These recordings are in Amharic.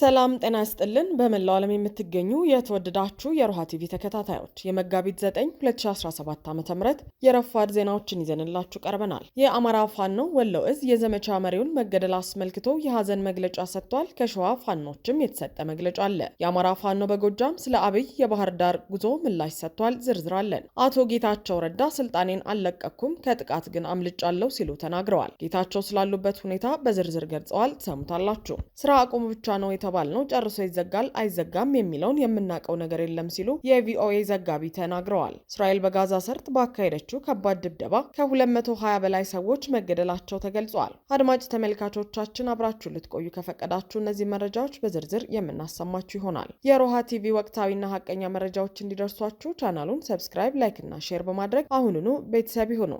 ሰላም ጤና ይስጥልን። በመላው ዓለም የምትገኙ የተወደዳችሁ የሮሃ ቲቪ ተከታታዮች የመጋቢት 9 2017 ዓ ም የረፋድ ዜናዎችን ይዘንላችሁ ቀርበናል። የአማራ ፋኖ ወሎ እዝ የዘመቻ መሪውን መገደል አስመልክቶ የሐዘን መግለጫ ሰጥቷል። ከሸዋ ፋኖችም የተሰጠ መግለጫ አለ። የአማራ ፋኖ በጎጃም ስለ አብይ የባህር ዳር ጉዞ ምላሽ ሰጥቷል። ዝርዝር አለን። አቶ ጌታቸው ረዳ ስልጣኔን አልለቀኩም፣ ከጥቃት ግን አምልጫለሁ ሲሉ ተናግረዋል። ጌታቸው ስላሉበት ሁኔታ በዝርዝር ገልጸዋል። ትሰሙታላችሁ። ስራ አቁሙ ብቻ ነው ነው። ጨርሶ ይዘጋል አይዘጋም የሚለውን የምናውቀው ነገር የለም ሲሉ የቪኦኤ ዘጋቢ ተናግረዋል። እስራኤል በጋዛ ሰርጥ ባካሄደችው ከባድ ድብደባ ከ220 በላይ ሰዎች መገደላቸው ተገልጿል። አድማጭ ተመልካቾቻችን አብራችሁ ልትቆዩ ከፈቀዳችሁ እነዚህ መረጃዎች በዝርዝር የምናሰማችሁ ይሆናል። የሮሃ ቲቪ ወቅታዊና ሀቀኛ መረጃዎች እንዲደርሷችሁ ቻናሉን ሰብስክራይብ፣ ላይክ እና ሼር በማድረግ አሁኑኑ ቤተሰብ ይሁኑ።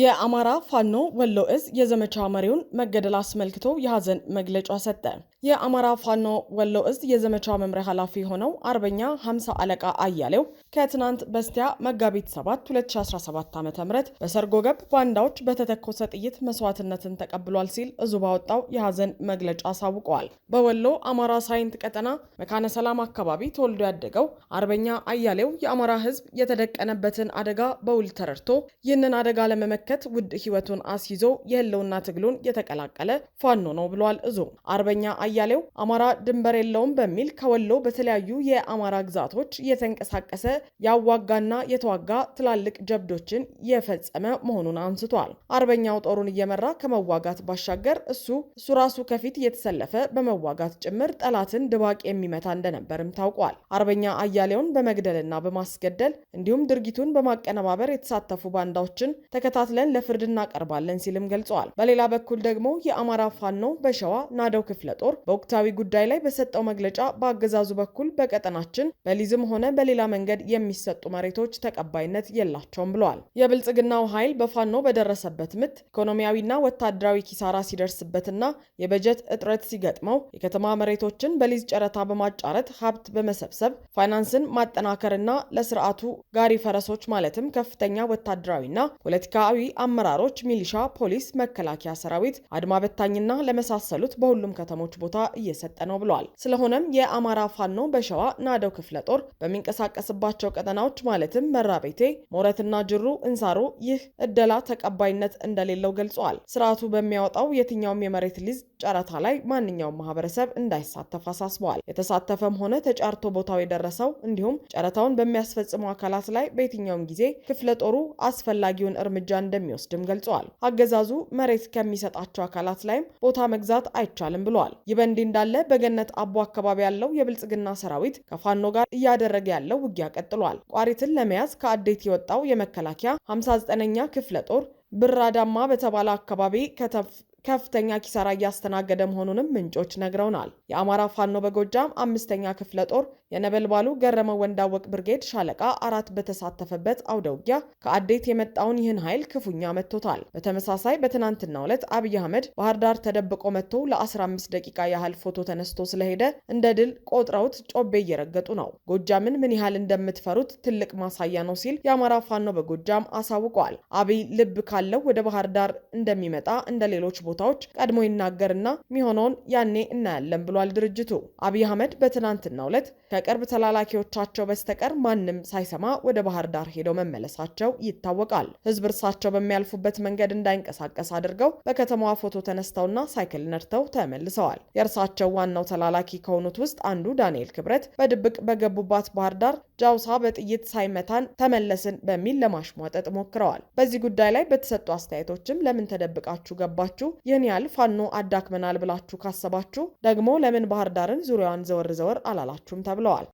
የአማራ ፋኖ ወሎ እዝ የዘመቻ መሪውን መገደል አስመልክቶ የሐዘን መግለጫ ሰጠ። የአማራ ፋኖ ወሎ እዝ የዘመቻ መምሪያ ኃላፊ የሆነው አርበኛ 50 አለቃ አያሌው ከትናንት በስቲያ መጋቢት 7 2017 ዓ ም በሰርጎ ገብ ባንዳዎች በተተኮሰ ጥይት መስዋዕትነትን ተቀብሏል ሲል እዙ ባወጣው የሐዘን መግለጫ አሳውቀዋል። በወሎ አማራ ሳይንት ቀጠና መካነ ሰላም አካባቢ ተወልዶ ያደገው አርበኛ አያሌው የአማራ ሕዝብ የተደቀነበትን አደጋ በውል ተረድቶ ይህንን አደጋ ለመመ ሲመለከት ውድ ህይወቱን አስይዞ የህልውና ትግሉን የተቀላቀለ ፋኖ ነው ብሏል እዙ አርበኛ አያሌው አማራ ድንበር የለውም በሚል ከወሎ በተለያዩ የአማራ ግዛቶች የተንቀሳቀሰ ያዋጋና የተዋጋ ትላልቅ ጀብዶችን የፈጸመ መሆኑን አንስቷል። አርበኛው ጦሩን እየመራ ከመዋጋት ባሻገር እሱ እሱ ራሱ ከፊት እየተሰለፈ በመዋጋት ጭምር ጠላትን ድባቅ የሚመታ እንደነበርም ታውቋል። አርበኛ አያሌውን በመግደልና በማስገደል እንዲሁም ድርጊቱን በማቀነባበር የተሳተፉ ባንዳዎችን ተከታተ ተከታትለን ለፍርድ እናቀርባለን ሲልም ገልጸዋል። በሌላ በኩል ደግሞ የአማራ ፋኖ በሸዋ ናደው ክፍለ ጦር በወቅታዊ ጉዳይ ላይ በሰጠው መግለጫ በአገዛዙ በኩል በቀጠናችን በሊዝም ሆነ በሌላ መንገድ የሚሰጡ መሬቶች ተቀባይነት የላቸውም ብለዋል። የብልጽግናው ኃይል በፋኖ በደረሰበት ምት ኢኮኖሚያዊና ወታደራዊ ኪሳራ ሲደርስበትና የበጀት እጥረት ሲገጥመው የከተማ መሬቶችን በሊዝ ጨረታ በማጫረት ሀብት በመሰብሰብ ፋይናንስን ማጠናከርና ለስርዓቱ ጋሪ ፈረሶች ማለትም ከፍተኛ ወታደራዊና ፖለቲካዊ ወቅታዊ አመራሮች ሚሊሻ፣ ፖሊስ፣ መከላከያ ሰራዊት፣ አድማ በታኝና ለመሳሰሉት በሁሉም ከተሞች ቦታ እየሰጠ ነው ብለዋል። ስለሆነም የአማራ ፋኖ በሸዋ ናደው ክፍለ ጦር በሚንቀሳቀስባቸው ቀጠናዎች ማለትም መራቤቴ፣ ሞረትና ጅሩ እንሳሮ ይህ እደላ ተቀባይነት እንደሌለው ገልጸዋል። ስርዓቱ በሚያወጣው የትኛውም የመሬት ሊዝ ጨረታ ላይ ማንኛውም ማህበረሰብ እንዳይሳተፍ አሳስበዋል። የተሳተፈም ሆነ ተጫርቶ ቦታው የደረሰው እንዲሁም ጨረታውን በሚያስፈጽሙ አካላት ላይ በየትኛውም ጊዜ ክፍለ ጦሩ አስፈላጊውን እርምጃ እንደሚወስድም ገልጸዋል። አገዛዙ መሬት ከሚሰጣቸው አካላት ላይም ቦታ መግዛት አይቻልም ብለዋል። ይህ በእንዲህ እንዳለ በገነት አቦ አካባቢ ያለው የብልጽግና ሰራዊት ከፋኖ ጋር እያደረገ ያለው ውጊያ ቀጥሏል። ቋሪትን ለመያዝ ከአዴት የወጣው የመከላከያ 59ኛ ክፍለ ጦር ብራዳማ በተባለ አካባቢ ከፍተኛ ኪሳራ እያስተናገደ መሆኑንም ምንጮች ነግረውናል። የአማራ ፋኖ በጎጃም አምስተኛ ክፍለ ጦር የነበልባሉ ገረመው ወንዳወቅ ብርጌድ ሻለቃ አራት በተሳተፈበት አውደውጊያ ከአዴት የመጣውን ይህን ኃይል ክፉኛ መጥቶታል። በተመሳሳይ በትናንትናው ዕለት አብይ አህመድ ባህር ዳር ተደብቆ መጥቶ ለ15 ደቂቃ ያህል ፎቶ ተነስቶ ስለሄደ እንደ ድል ቆጥረውት ጮቤ እየረገጡ ነው። ጎጃምን ምን ያህል እንደምትፈሩት ትልቅ ማሳያ ነው ሲል የአማራ ፋኖ በጎጃም አሳውቋል። አብይ ልብ ካለው ወደ ባህር ዳር እንደሚመጣ እንደ ሌሎች ቦታዎች ቀድሞ ይናገርና የሚሆነውን ያኔ እናያለን ብሏል ድርጅቱ። አብይ አህመድ በትናንትናው ዕለት ከቅርብ ተላላኪዎቻቸው በስተቀር ማንም ሳይሰማ ወደ ባህር ዳር ሄደው መመለሳቸው ይታወቃል። ህዝብ እርሳቸው በሚያልፉበት መንገድ እንዳይንቀሳቀስ አድርገው በከተማዋ ፎቶ ተነስተውና ሳይክል ነድተው ተመልሰዋል። የእርሳቸው ዋናው ተላላኪ ከሆኑት ውስጥ አንዱ ዳንኤል ክብረት በድብቅ በገቡባት ባህር ዳር ጃውሳ በጥይት ሳይመታን ተመለስን በሚል ለማሽሟጠጥ ሞክረዋል። በዚህ ጉዳይ ላይ በተሰጡ አስተያየቶችም ለምን ተደብቃችሁ ገባችሁ ይህን ያህል ፋኖ አዳክመናል ብላችሁ ካሰባችሁ ደግሞ ለምን ባህር ዳርን ዙሪያዋን ዘወር ዘወር አላላችሁም ተብለዋል።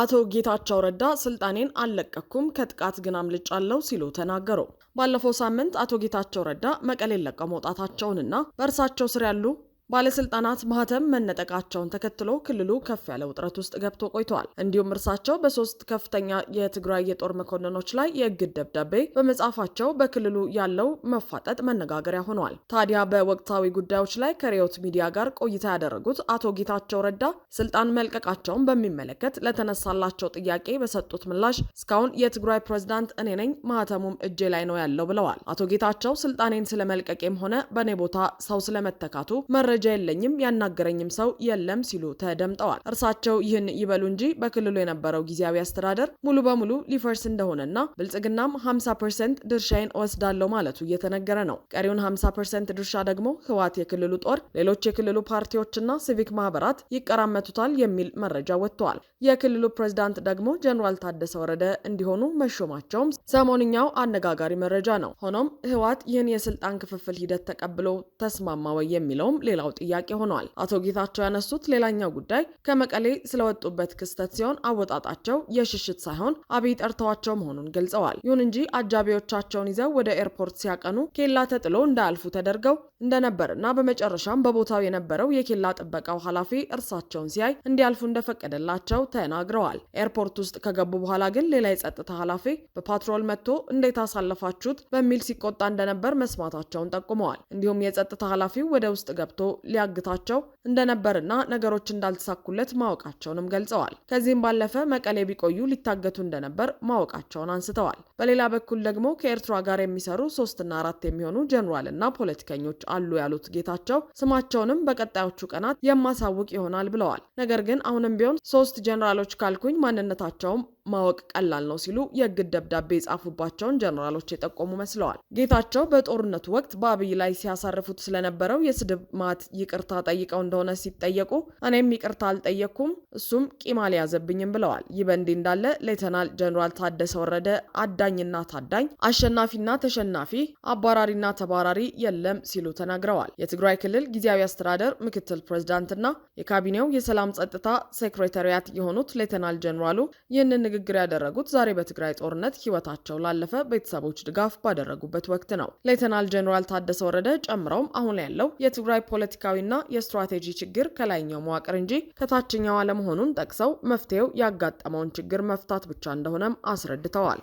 አቶ ጌታቸው ረዳ ስልጣኔን አልለቀኩም ከጥቃት ግን አምልጫለሁ ሲሉ ተናገሩ። ባለፈው ሳምንት አቶ ጌታቸው ረዳ መቀሌን ለቀው መውጣታቸውንና በእርሳቸው ስር ያሉ ባለስልጣናት ማህተም መነጠቃቸውን ተከትሎ ክልሉ ከፍ ያለ ውጥረት ውስጥ ገብቶ ቆይተዋል። እንዲሁም እርሳቸው በሶስት ከፍተኛ የትግራይ የጦር መኮንኖች ላይ የእግድ ደብዳቤ በመጻፋቸው በክልሉ ያለው መፋጠጥ መነጋገሪያ ሆኗል። ታዲያ በወቅታዊ ጉዳዮች ላይ ከሪዮት ሚዲያ ጋር ቆይታ ያደረጉት አቶ ጌታቸው ረዳ ስልጣን መልቀቃቸውን በሚመለከት ለተነሳላቸው ጥያቄ በሰጡት ምላሽ እስካሁን የትግራይ ፕሬዝዳንት እኔ ነኝ፣ ማህተሙም እጄ ላይ ነው ያለው ብለዋል። አቶ ጌታቸው ስልጣኔን ስለመልቀቄም ሆነ በእኔ ቦታ ሰው ስለመተካቱ መረ መረጃ የለኝም፣ ያናገረኝም ሰው የለም ሲሉ ተደምጠዋል። እርሳቸው ይህን ይበሉ እንጂ በክልሉ የነበረው ጊዜያዊ አስተዳደር ሙሉ በሙሉ ሊፈርስ እንደሆነና ብልጽግናም 50 ፐርሰንት ድርሻዬን እወስዳለሁ ማለቱ እየተነገረ ነው። ቀሪውን 50 ፐርሰንት ድርሻ ደግሞ ህወሓት፣ የክልሉ ጦር፣ ሌሎች የክልሉ ፓርቲዎችና ሲቪክ ማህበራት ይቀራመቱታል የሚል መረጃ ወጥተዋል። የክልሉ ፕሬዝዳንት ደግሞ ጀኔራል ታደሰ ወረደ እንዲሆኑ መሾማቸውም ሰሞንኛው አነጋጋሪ መረጃ ነው። ሆኖም ህወሓት ይህን የስልጣን ክፍፍል ሂደት ተቀብሎ ተስማማ ወይ የሚለውም ሌላው የሚመጣው ጥያቄ ሆኗል። አቶ ጌታቸው ያነሱት ሌላኛው ጉዳይ ከመቀሌ ስለወጡበት ክስተት ሲሆን አወጣጣቸው የሽሽት ሳይሆን አብይ ጠርተዋቸው መሆኑን ገልጸዋል። ይሁን እንጂ አጃቢዎቻቸውን ይዘው ወደ ኤርፖርት ሲያቀኑ ኬላ ተጥሎ እንዳያልፉ ተደርገው እንደነበርና በመጨረሻም በቦታው የነበረው የኬላ ጥበቃው ኃላፊ እርሳቸውን ሲያይ እንዲያልፉ እንደፈቀደላቸው ተናግረዋል። ኤርፖርት ውስጥ ከገቡ በኋላ ግን ሌላ የጸጥታ ኃላፊ በፓትሮል መጥቶ እንዴት አሳለፋችሁት በሚል ሲቆጣ እንደነበር መስማታቸውን ጠቁመዋል። እንዲሁም የጸጥታ ኃላፊው ወደ ውስጥ ገብቶ ሊያግታቸው እንደነበርና ነገሮች እንዳልተሳኩለት ማወቃቸውንም ገልጸዋል። ከዚህም ባለፈ መቀሌ ቢቆዩ ሊታገቱ እንደነበር ማወቃቸውን አንስተዋል። በሌላ በኩል ደግሞ ከኤርትራ ጋር የሚሰሩ ሶስትና አራት የሚሆኑ ጀኔራልና ፖለቲከኞች አሉ ያሉት ጌታቸው ስማቸውንም በቀጣዮቹ ቀናት የማሳውቅ ይሆናል ብለዋል። ነገር ግን አሁንም ቢሆን ሶስት ጀኔራሎች ካልኩኝ ማንነታቸውም ማወቅ ቀላል ነው ሲሉ የእግድ ደብዳቤ የጻፉባቸውን ጀኔራሎች የጠቆሙ መስለዋል። ጌታቸው በጦርነቱ ወቅት በአብይ ላይ ሲያሳርፉት ስለነበረው የስድብ ማት ይቅርታ ጠይቀው እንደሆነ ሲጠየቁ እኔም ይቅርታ አልጠየቅኩም፣ እሱም ቂም አልያዘብኝም ብለዋል። ይህ በእንዲህ እንዳለ ሌተናል ጀኔራል ታደሰ ወረደ አዳኝና ታዳኝ፣ አሸናፊና ተሸናፊ፣ አባራሪና ተባራሪ የለም ሲሉ ተናግረዋል። የትግራይ ክልል ጊዜያዊ አስተዳደር ምክትል ፕሬዚዳንትና የካቢኔው የሰላም ጸጥታ ሴክሬታሪያት የሆኑት ሌተናል ጀኔራሉ ይህንን ንግግር ያደረጉት ዛሬ በትግራይ ጦርነት ህይወታቸው ላለፈ ቤተሰቦች ድጋፍ ባደረጉበት ወቅት ነው። ሌተናል ጄኔራል ታደሰ ወረደ ጨምረውም አሁን ያለው የትግራይ ፖለቲካዊና የስትራቴጂ ችግር ከላይኛው መዋቅር እንጂ ከታችኛው አለመሆኑን ጠቅሰው መፍትሄው ያጋጠመውን ችግር መፍታት ብቻ እንደሆነም አስረድተዋል።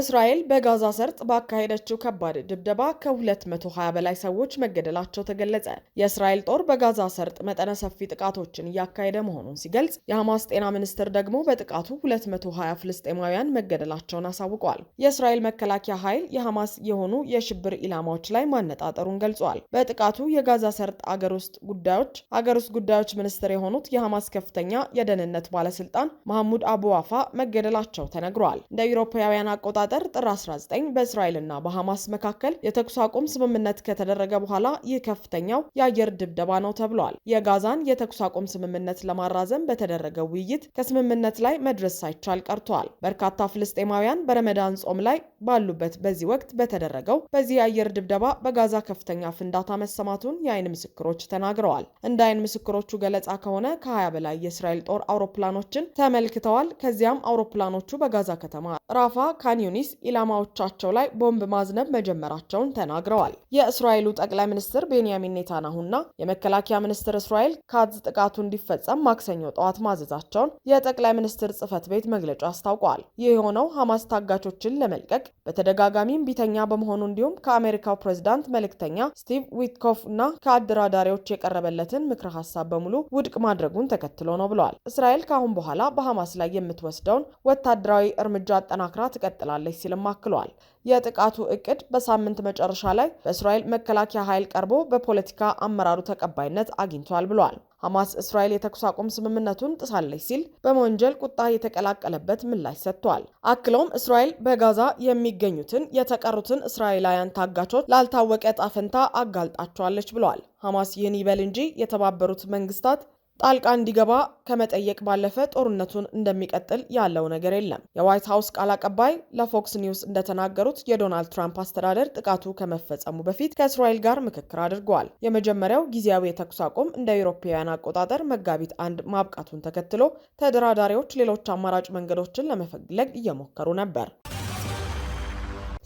እስራኤል በጋዛ ሰርጥ ባካሄደችው ከባድ ድብደባ ከ220 በላይ ሰዎች መገደላቸው ተገለጸ። የእስራኤል ጦር በጋዛ ሰርጥ መጠነ ሰፊ ጥቃቶችን እያካሄደ መሆኑን ሲገልጽ፣ የሐማስ ጤና ሚኒስትር ደግሞ በጥቃቱ 220 ፍልስጤማውያን መገደላቸውን አሳውቋል። የእስራኤል መከላከያ ኃይል የሐማስ የሆኑ የሽብር ኢላማዎች ላይ ማነጣጠሩን ገልጿል። በጥቃቱ የጋዛ ሰርጥ አገር ውስጥ ጉዳዮች አገር ውስጥ ጉዳዮች ሚኒስትር የሆኑት የሐማስ ከፍተኛ የደህንነት ባለስልጣን መሐሙድ አቡ ዋፋ መገደላቸው ተነግሯል። እንደ አውሮፓውያን አቆ አቆጣጠር ጥር 19 በእስራኤልና በሐማስ መካከል የተኩስ አቁም ስምምነት ከተደረገ በኋላ ይህ ከፍተኛው የአየር ድብደባ ነው ተብሏል። የጋዛን የተኩስ አቁም ስምምነት ለማራዘም በተደረገው ውይይት ከስምምነት ላይ መድረስ ሳይቻል ቀርቷል። በርካታ ፍልስጤማውያን በረመዳን ጾም ላይ ባሉበት በዚህ ወቅት በተደረገው በዚህ የአየር ድብደባ በጋዛ ከፍተኛ ፍንዳታ መሰማቱን የአይን ምስክሮች ተናግረዋል። እንደ አይን ምስክሮቹ ገለጻ ከሆነ ከ20 በላይ የእስራኤል ጦር አውሮፕላኖችን ተመልክተዋል። ከዚያም አውሮፕላኖቹ በጋዛ ከተማ ራፋ ካኒ ዩኒስ ኢላማዎቻቸው ላይ ቦምብ ማዝነብ መጀመራቸውን ተናግረዋል። የእስራኤሉ ጠቅላይ ሚኒስትር ቤንያሚን ኔታናሁና የመከላከያ ሚኒስትር እስራኤል ካዝ ጥቃቱ እንዲፈጸም ማክሰኞ ጠዋት ማዘዛቸውን የጠቅላይ ሚኒስትር ጽህፈት ቤት መግለጫ አስታውቋል። ይህ የሆነው ሐማስ ታጋቾችን ለመልቀቅ በተደጋጋሚ እምቢተኛ በመሆኑ እንዲሁም ከአሜሪካው ፕሬዚዳንት መልእክተኛ ስቲቭ ዊትኮፍ እና ከአደራዳሪዎች የቀረበለትን ምክረ ሀሳብ በሙሉ ውድቅ ማድረጉን ተከትሎ ነው ብለዋል። እስራኤል ከአሁን በኋላ በሐማስ ላይ የምትወስደውን ወታደራዊ እርምጃ አጠናክራ ትቀጥላል። ትሆናለች ሲልም አክሏል። የጥቃቱ እቅድ በሳምንት መጨረሻ ላይ በእስራኤል መከላከያ ኃይል ቀርቦ በፖለቲካ አመራሩ ተቀባይነት አግኝቷል ብሏል። ሐማስ እስራኤል የተኩስ አቁም ስምምነቱን ጥሳለች ሲል በመወንጀል ቁጣ የተቀላቀለበት ምላሽ ሰጥቷል። አክለውም እስራኤል በጋዛ የሚገኙትን የተቀሩትን እስራኤላውያን ታጋቾች ላልታወቀ ዕጣ አጋልጣቸዋለች ብሏል። ሐማስ ይህን ይበል እንጂ የተባበሩት መንግስታት ጣልቃ እንዲገባ ከመጠየቅ ባለፈ ጦርነቱን እንደሚቀጥል ያለው ነገር የለም። የዋይት ሀውስ ቃል አቀባይ ለፎክስ ኒውስ እንደተናገሩት የዶናልድ ትራምፕ አስተዳደር ጥቃቱ ከመፈጸሙ በፊት ከእስራኤል ጋር ምክክር አድርገዋል። የመጀመሪያው ጊዜያዊ የተኩስ አቁም እንደ አውሮፓውያን አቆጣጠር መጋቢት አንድ ማብቃቱን ተከትሎ ተደራዳሪዎች ሌሎች አማራጭ መንገዶችን ለመፈለግ እየሞከሩ ነበር።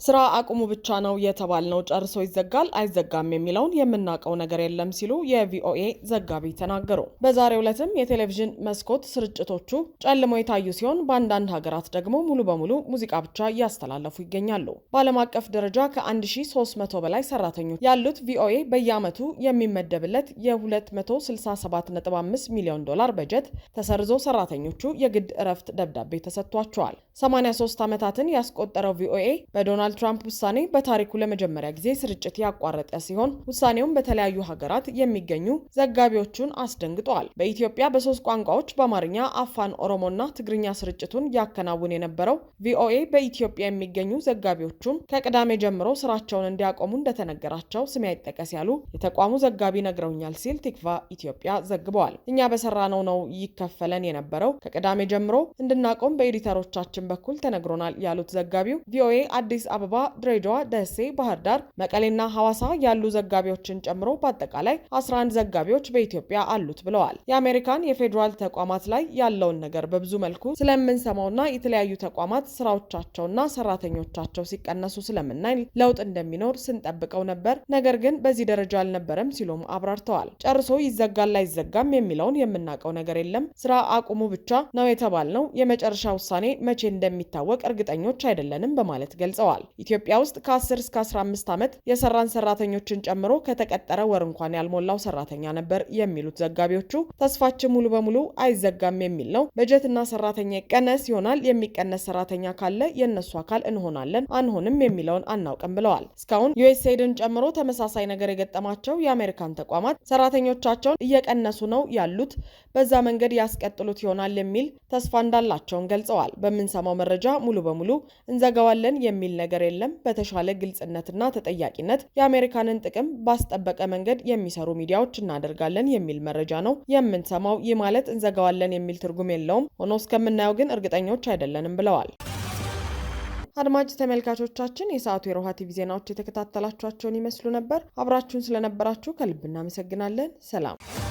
ስራ አቁሙ ብቻ ነው የተባልነው ጨርሶ ይዘጋል አይዘጋም የሚለውን የምናውቀው ነገር የለም ሲሉ የቪኦኤ ዘጋቢ ተናገሩ። በዛሬው ዕለትም የቴሌቪዥን መስኮት ስርጭቶቹ ጨልሞ የታዩ ሲሆን በአንዳንድ ሀገራት ደግሞ ሙሉ በሙሉ ሙዚቃ ብቻ እያስተላለፉ ይገኛሉ። በዓለም አቀፍ ደረጃ ከ1300 በላይ ሰራተኞች ያሉት ቪኦኤ በየዓመቱ የሚመደብለት የ267.5 ሚሊዮን ዶላር በጀት ተሰርዞ ሰራተኞቹ የግድ እረፍት ደብዳቤ ተሰጥቷቸዋል። 83 ዓመታትን ያስቆጠረው ቪኦኤ በዶናልድ የዶናልድ ትራምፕ ውሳኔ በታሪኩ ለመጀመሪያ ጊዜ ስርጭት ያቋረጠ ሲሆን ውሳኔውም በተለያዩ ሀገራት የሚገኙ ዘጋቢዎቹን አስደንግጧል። በኢትዮጵያ በሶስት ቋንቋዎች በአማርኛ፣ አፋን ኦሮሞና ትግርኛ ስርጭቱን ያከናውን የነበረው ቪኦኤ በኢትዮጵያ የሚገኙ ዘጋቢዎቹን ከቅዳሜ ጀምሮ ስራቸውን እንዲያቆሙ እንደተነገራቸው ስሜ አይጠቀስ ያሉ የተቋሙ ዘጋቢ ነግረውኛል ሲል ቲክቫ ኢትዮጵያ ዘግበዋል። እኛ በሰራነው ነው ይከፈለን የነበረው ከቅዳሜ ጀምሮ እንድናቆም በኤዲተሮቻችን በኩል ተነግሮናል ያሉት ዘጋቢው ቪኦኤ አዲስ አበባ አበባ፣ ድሬዳዋ፣ ደሴ፣ ባህር ዳር፣ መቀሌና ሐዋሳ ያሉ ዘጋቢዎችን ጨምሮ በአጠቃላይ 11 ዘጋቢዎች በኢትዮጵያ አሉት ብለዋል። የአሜሪካን የፌዴራል ተቋማት ላይ ያለውን ነገር በብዙ መልኩ ስለምንሰማውና የተለያዩ ተቋማት ስራዎቻቸውና ሰራተኞቻቸው ሲቀነሱ ስለምናይ ለውጥ እንደሚኖር ስንጠብቀው ነበር፣ ነገር ግን በዚህ ደረጃ አልነበረም ሲሉም አብራርተዋል። ጨርሶ ይዘጋል አይዘጋም የሚለውን የምናውቀው ነገር የለም። ስራ አቁሙ ብቻ ነው የተባልነው። የመጨረሻ ውሳኔ መቼ እንደሚታወቅ እርግጠኞች አይደለንም በማለት ገልጸዋል። ኢትዮጵያ ውስጥ ከ10 እስከ 15 ዓመት የሰራን ሰራተኞችን ጨምሮ ከተቀጠረ ወር እንኳን ያልሞላው ሰራተኛ ነበር የሚሉት ዘጋቢዎቹ ተስፋችን ሙሉ በሙሉ አይዘጋም የሚል ነው። በጀትና ሰራተኛ ይቀነስ ይሆናል። የሚቀነስ ሰራተኛ ካለ የእነሱ አካል እንሆናለን አንሆንም የሚለውን አናውቅም ብለዋል። እስካሁን ዩኤስኤድን ጨምሮ ተመሳሳይ ነገር የገጠማቸው የአሜሪካን ተቋማት ሰራተኞቻቸውን እየቀነሱ ነው ያሉት፣ በዛ መንገድ ያስቀጥሉት ይሆናል የሚል ተስፋ እንዳላቸውን ገልጸዋል። በምንሰማው መረጃ ሙሉ በሙሉ እንዘጋዋለን የሚል ነገር ነገር የለም። በተሻለ ግልጽነትና ተጠያቂነት የአሜሪካንን ጥቅም ባስጠበቀ መንገድ የሚሰሩ ሚዲያዎች እናደርጋለን የሚል መረጃ ነው የምንሰማው። ይህ ማለት እንዘጋዋለን የሚል ትርጉም የለውም። ሆኖ እስከምናየው ግን እርግጠኞች አይደለንም ብለዋል። አድማጭ ተመልካቾቻችን የሰዓቱ የሮሃ ቲቪ ዜናዎች የተከታተላችኋቸውን ይመስሉ ነበር። አብራችሁን ስለነበራችሁ ከልብ እናመሰግናለን። ሰላም